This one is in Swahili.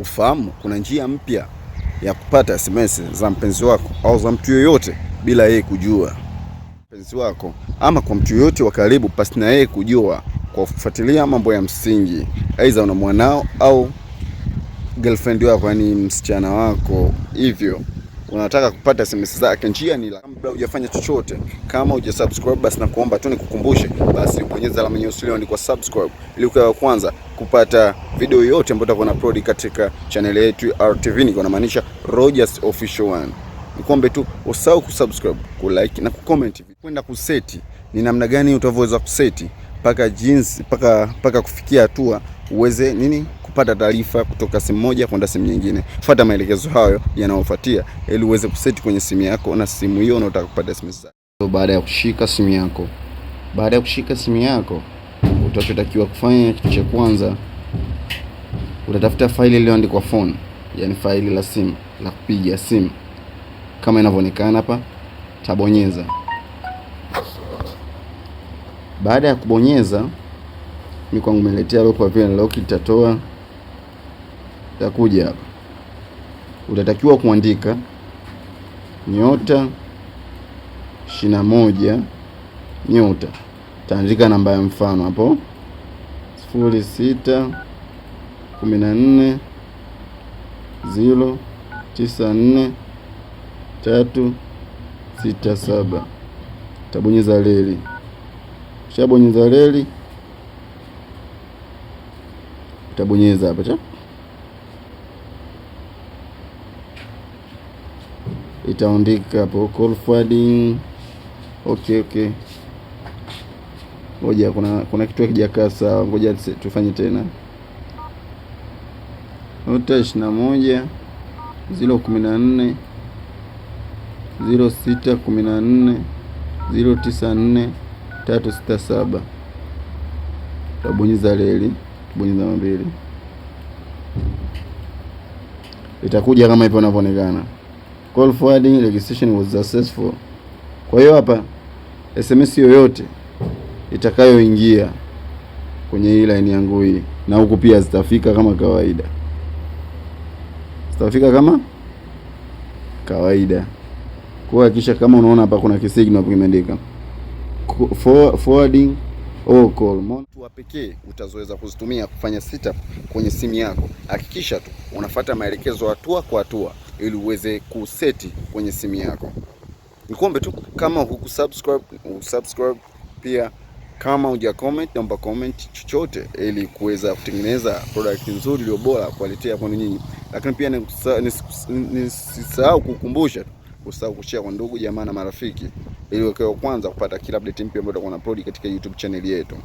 ufahamu kuna njia mpya ya kupata SMS za mpenzi wako au za mtu yoyote bila yeye kujua. Mpenzi wako ama kwa mtu yoyote wa karibu pasi na yeye kujua, kwa kufuatilia mambo ya msingi, aidha una mwanao au girlfriend wako, yani msichana wako, hivyo unataka kupata SMS zake, njia ni labda hujafanya chochote. Kama hujasubscribe, basi nakuomba tu nikukumbushe, basi bonyeza alama nyeusi iliyoandikwa subscribe ili ukawa kwanza kupata video yote ambayo tutakuwa na upload katika channel yetu RTV, niko namaanisha Rogers Official One. Nikuombe tu usahau kusubscribe, kulike na kucomment. Kwenda kuseti ni namna gani utavyoweza kuseti paka jeans paka paka kufikia hatua uweze nini kupata taarifa kutoka simu moja kwenda simu nyingine. Fuata maelekezo hayo yanayofuatia ili uweze kuseti kwenye simu yako na simu hiyo unataka kupata SMS. baada ya kushika simu yako, baada ya kushika simu yako utachotakiwa kufanya, kitu cha kwanza utatafuta faili iliyoandikwa phone, yani faili la simu la kupiga simu kama inavyoonekana hapa, tabonyeza. Baada ya kubonyeza, mimi kwangu umeletea lock, kwa vile lock itatoa itakuja hapa, utatakiwa kuandika nyota ishirini na moja nyota taandika namba ya mfano hapo sifuri sita kumi na nne zero tisa nne tatu sita saba tabonyeza leli. Ushabonyeza leli, utabonyeza hapa cha itaandika hapo call forwarding. Okay, okay. Ngoja, kuna kuna kitu hakijakaa sawa, ngoja tufanye tena. Nota ishirini na moja ziro kumi na nne ziro sita kumi na nne ziro tisa nne tatu sita saba Tabonyeza leli, tabonyeza mambili, itakuja kama hivyo inavyoonekana. Call forwarding registration was successful. Kwa hiyo hapa SMS yoyote itakayoingia kwenye hii line yangu hii, na huku pia zitafika kama kawaida, zitafika kama kawaida. Kwa hakikisha kama unaona hapa kuna kisignal kimeandika forwarding all call wa pekee utazoweza kuzitumia kufanya setup kwenye simu yako. Hakikisha tu unafuata maelekezo hatua kwa hatua, ili uweze kuseti kwenye simu yako. Nikuombe tu kama hukusubscribe, usubscribe pia kama huja comment, naomba comment chochote ili kuweza kutengeneza product nzuri iliyo bora kuwaletea kwenu nyinyi. Lakini pia nisisahau kukumbusha tu, usahau kushare kwa ndugu jamaa na marafiki, ili wakiwa kwanza kupata kila update mpya ambayo tutakuwa na upload katika YouTube channel yetu.